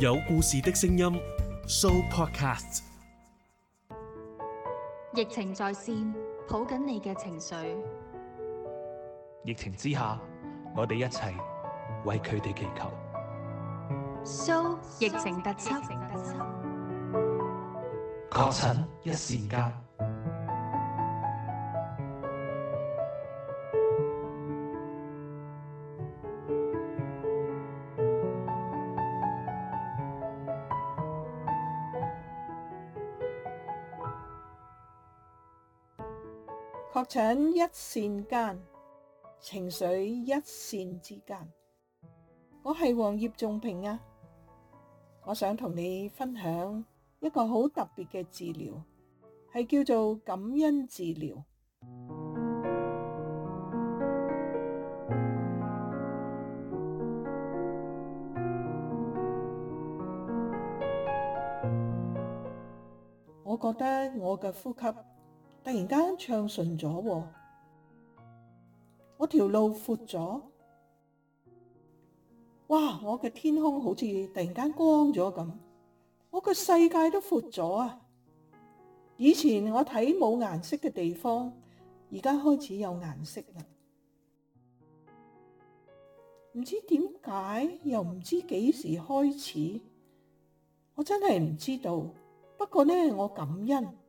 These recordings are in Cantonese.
有故事的聲音，Show Podcast。疫情在線，抱緊你嘅情緒。疫情之下，我哋一齊為佢哋祈求。Show 疫情特輯，確診一時間。請一線間，情緒一線之間。我係黃葉仲平啊，我想同你分享一個好特別嘅治療，係叫做感恩治療。嗯、我覺得我嘅呼吸。突然間暢順咗喎，我條路闊咗，哇！我嘅天空好似突然間光咗咁，我個世界都闊咗啊！以前我睇冇顏色嘅地方，而家開始有顏色啦。唔知點解，又唔知幾時開始，我真係唔知道。不過呢，我感恩。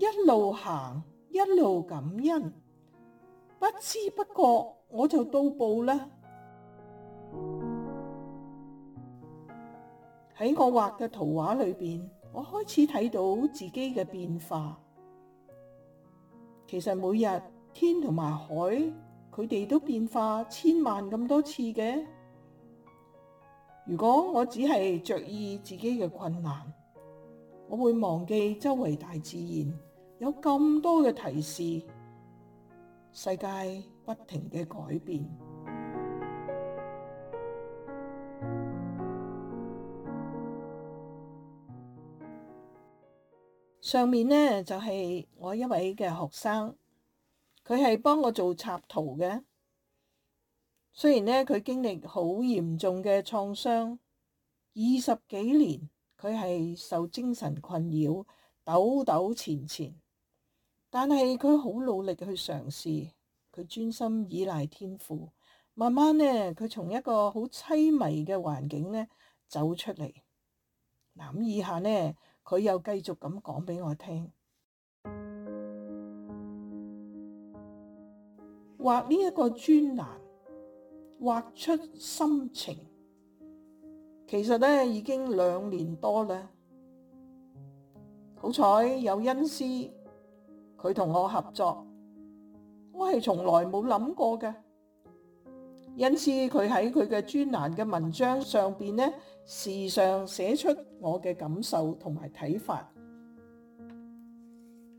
一路行，一路感恩，不知不覺我就到步啦。喺我畫嘅圖畫裏邊，我開始睇到自己嘅變化。其實每日天同埋海，佢哋都變化千萬咁多次嘅。如果我只係着意自己嘅困難，我會忘記周圍大自然。有咁多嘅提示，世界不停嘅改變。上面呢，就係、是、我一位嘅學生，佢係幫我做插圖嘅。雖然呢，佢經歷好嚴重嘅創傷，二十幾年，佢係受精神困擾，抖抖纏纏。但係佢好努力去嘗試，佢專心依賴天賦，慢慢呢，佢從一個好凄迷嘅環境呢走出嚟嗱。咁以下呢，佢又繼續咁講俾我聽，畫呢一個專欄，畫出心情，其實呢，已經兩年多啦。好彩有恩師。佢同我合作，我係從來冇諗過嘅，因此佢喺佢嘅專欄嘅文章上邊呢，時常寫出我嘅感受同埋睇法。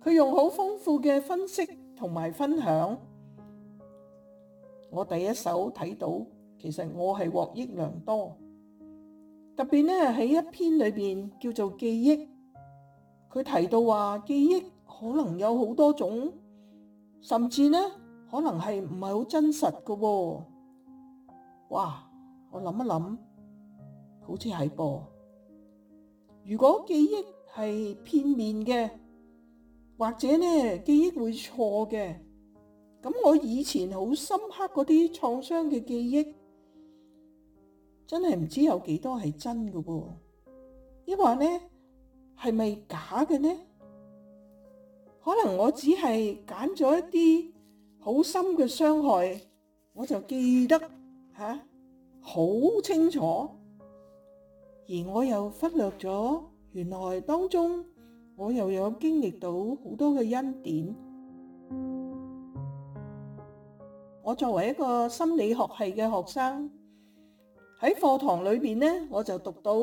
佢用好豐富嘅分析同埋分享，我第一手睇到，其實我係獲益良多。特別呢喺一篇裏邊叫做《記憶》，佢提到話記憶。可能有好多種，甚至呢，可能係唔係好真實嘅喎、哦？哇！我諗一諗，好似係噃。如果記憶係片面嘅，或者呢記憶會錯嘅，咁我以前好深刻嗰啲創傷嘅記憶，真係唔知有幾多係真嘅喎、哦。亦話呢係咪假嘅呢？是可能我只係揀咗一啲好深嘅傷害，我就記得吓好清楚，而我又忽略咗原來當中我又有經歷到好多嘅恩典。我作為一個心理學系嘅學生，喺課堂裏邊咧，我就讀到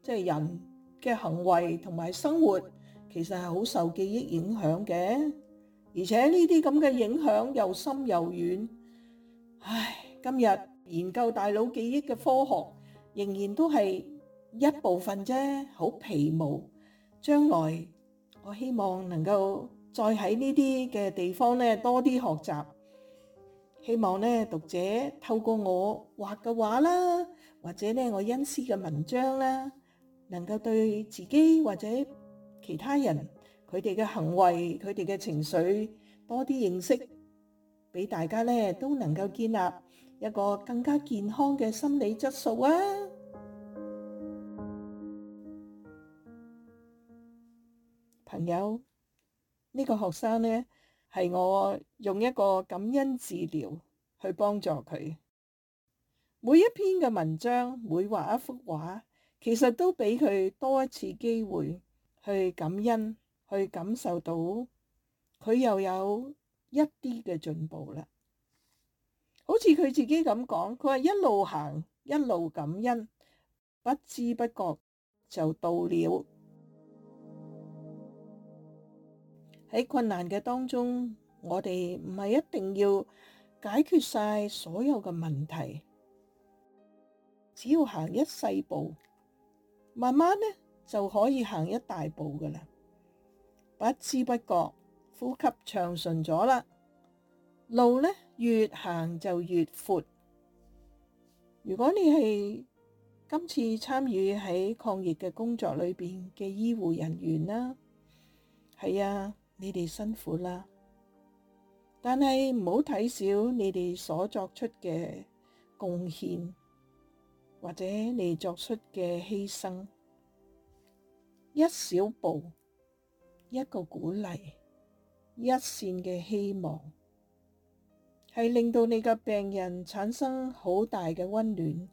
即係人嘅行為同埋生活。其實係好受記憶影響嘅，而且呢啲咁嘅影響又深又遠。唉，今日研究大腦記憶嘅科學仍然都係一部分啫，好皮毛。將來我希望能夠再喺呢啲嘅地方咧多啲學習，希望咧讀者透過我畫嘅畫啦，或者咧我恩師嘅文章啦，能夠對自己或者其他人佢哋嘅行為，佢哋嘅情緒，多啲認識，俾大家呢，都能夠建立一個更加健康嘅心理質素啊！朋友，呢個學生呢，係我用一個感恩治療去幫助佢。每一篇嘅文章，每畫一幅畫，其實都俾佢多一次機會。去感恩，去感受到佢又有一啲嘅進步啦。好似佢自己咁講，佢話一路行，一路感恩，不知不覺就到了。喺困難嘅當中，我哋唔係一定要解決晒所有嘅問題，只要行一細步，慢慢呢，就可以行一大步㗎喇，不知不覺，呼吸暢順咗啦。路呢，越行就越闊。如果你係今次參與喺抗疫嘅工作裏邊嘅醫護人員啦，係啊，你哋辛苦啦，但係唔好睇少你哋所作出嘅貢獻，或者你作出嘅犧牲。一小步，一個鼓勵，一綫嘅希望，係令到你嘅病人產生好大嘅溫暖。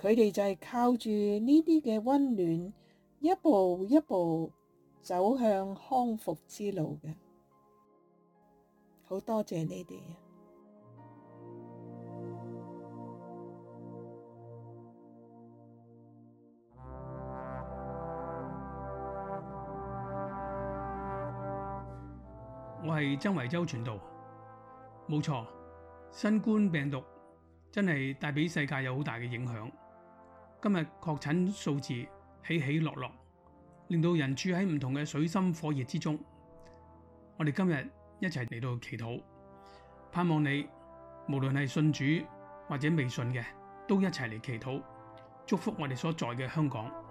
佢哋就係靠住呢啲嘅溫暖，一步一步走向康復之路嘅。好多謝你哋。我係曾維洲傳道，冇錯，新冠病毒真係帶俾世界有好大嘅影響。今日確診數字起起落落，令到人住喺唔同嘅水深火熱之中。我哋今日一齊嚟到祈禱，盼望你無論係信主或者未信嘅，都一齊嚟祈禱，祝福我哋所在嘅香港。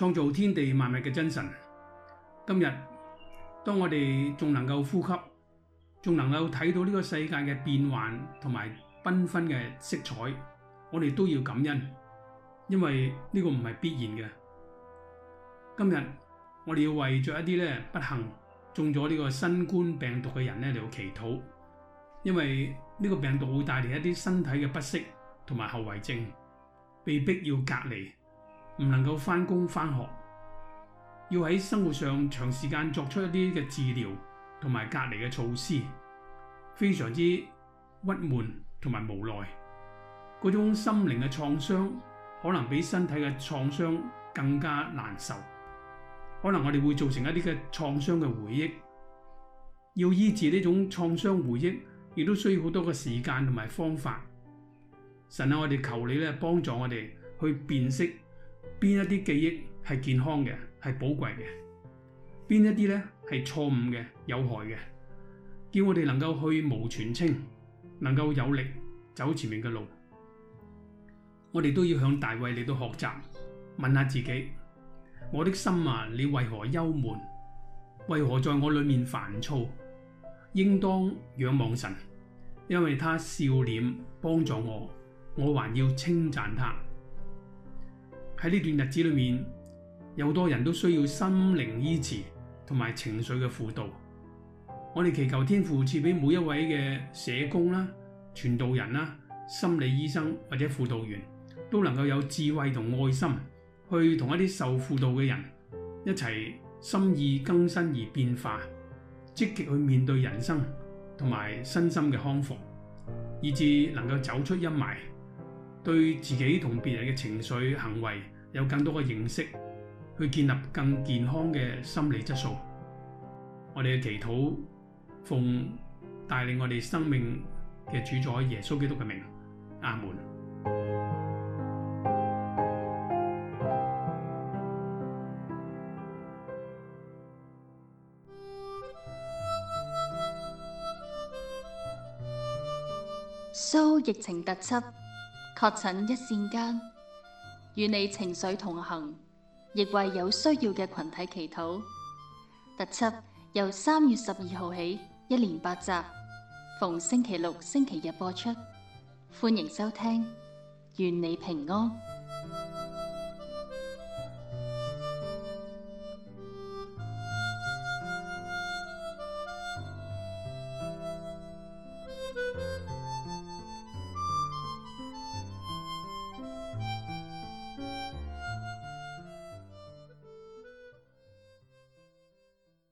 創造天地萬物嘅真神，今日當我哋仲能夠呼吸，仲能夠睇到呢個世界嘅變幻同埋繽紛嘅色彩，我哋都要感恩，因為呢個唔係必然嘅。今日我哋要為咗一啲不幸中咗呢個新冠病毒嘅人來嚟到祈禱，因為呢個病毒會帶嚟一啲身體嘅不適同埋後遺症，被迫要隔離。唔能夠翻工、翻學，要喺生活上長時間作出一啲嘅治療同埋隔離嘅措施，非常之鬱悶同埋無奈。嗰種心靈嘅創傷可能比身體嘅創傷更加難受。可能我哋會造成一啲嘅創傷嘅回憶，要醫治呢種創傷回憶，亦都需要好多嘅時間同埋方法。神啊，我哋求你咧，幫助我哋去辨識。邊一啲記憶係健康嘅，係寶貴嘅；邊一啲咧係錯誤嘅、有害嘅，叫我哋能夠去蕪存菁，能夠有力走前面嘅路。我哋都要向大衛嚟到學習，問下自己：我的心啊，你為何憂悶？為何在我裏面煩躁？應當仰望神，因為他笑臉幫助我，我還要稱讚他。喺呢段日子裏面，有好多人都需要心靈醫治同埋情緒嘅輔導。我哋祈求天父賜俾每一位嘅社工啦、傳道人啦、心理醫生或者輔導員，都能夠有智慧同愛心，去同一啲受輔導嘅人一齊心意更新而變化，積極去面對人生同埋身心嘅康復，以至能夠走出陰霾，對自己同別人嘅情緒行為。有更多嘅認識，去建立更健康嘅心理質素。我哋嘅祈禱奉帶領我哋生命嘅主宰耶穌基督嘅名，阿門。So 疫情突襲，確診一線間。與你情緒同行，亦為有需要嘅群體祈禱。特輯由三月十二號起，一連八集，逢星期六、星期日播出。歡迎收聽，願你平安。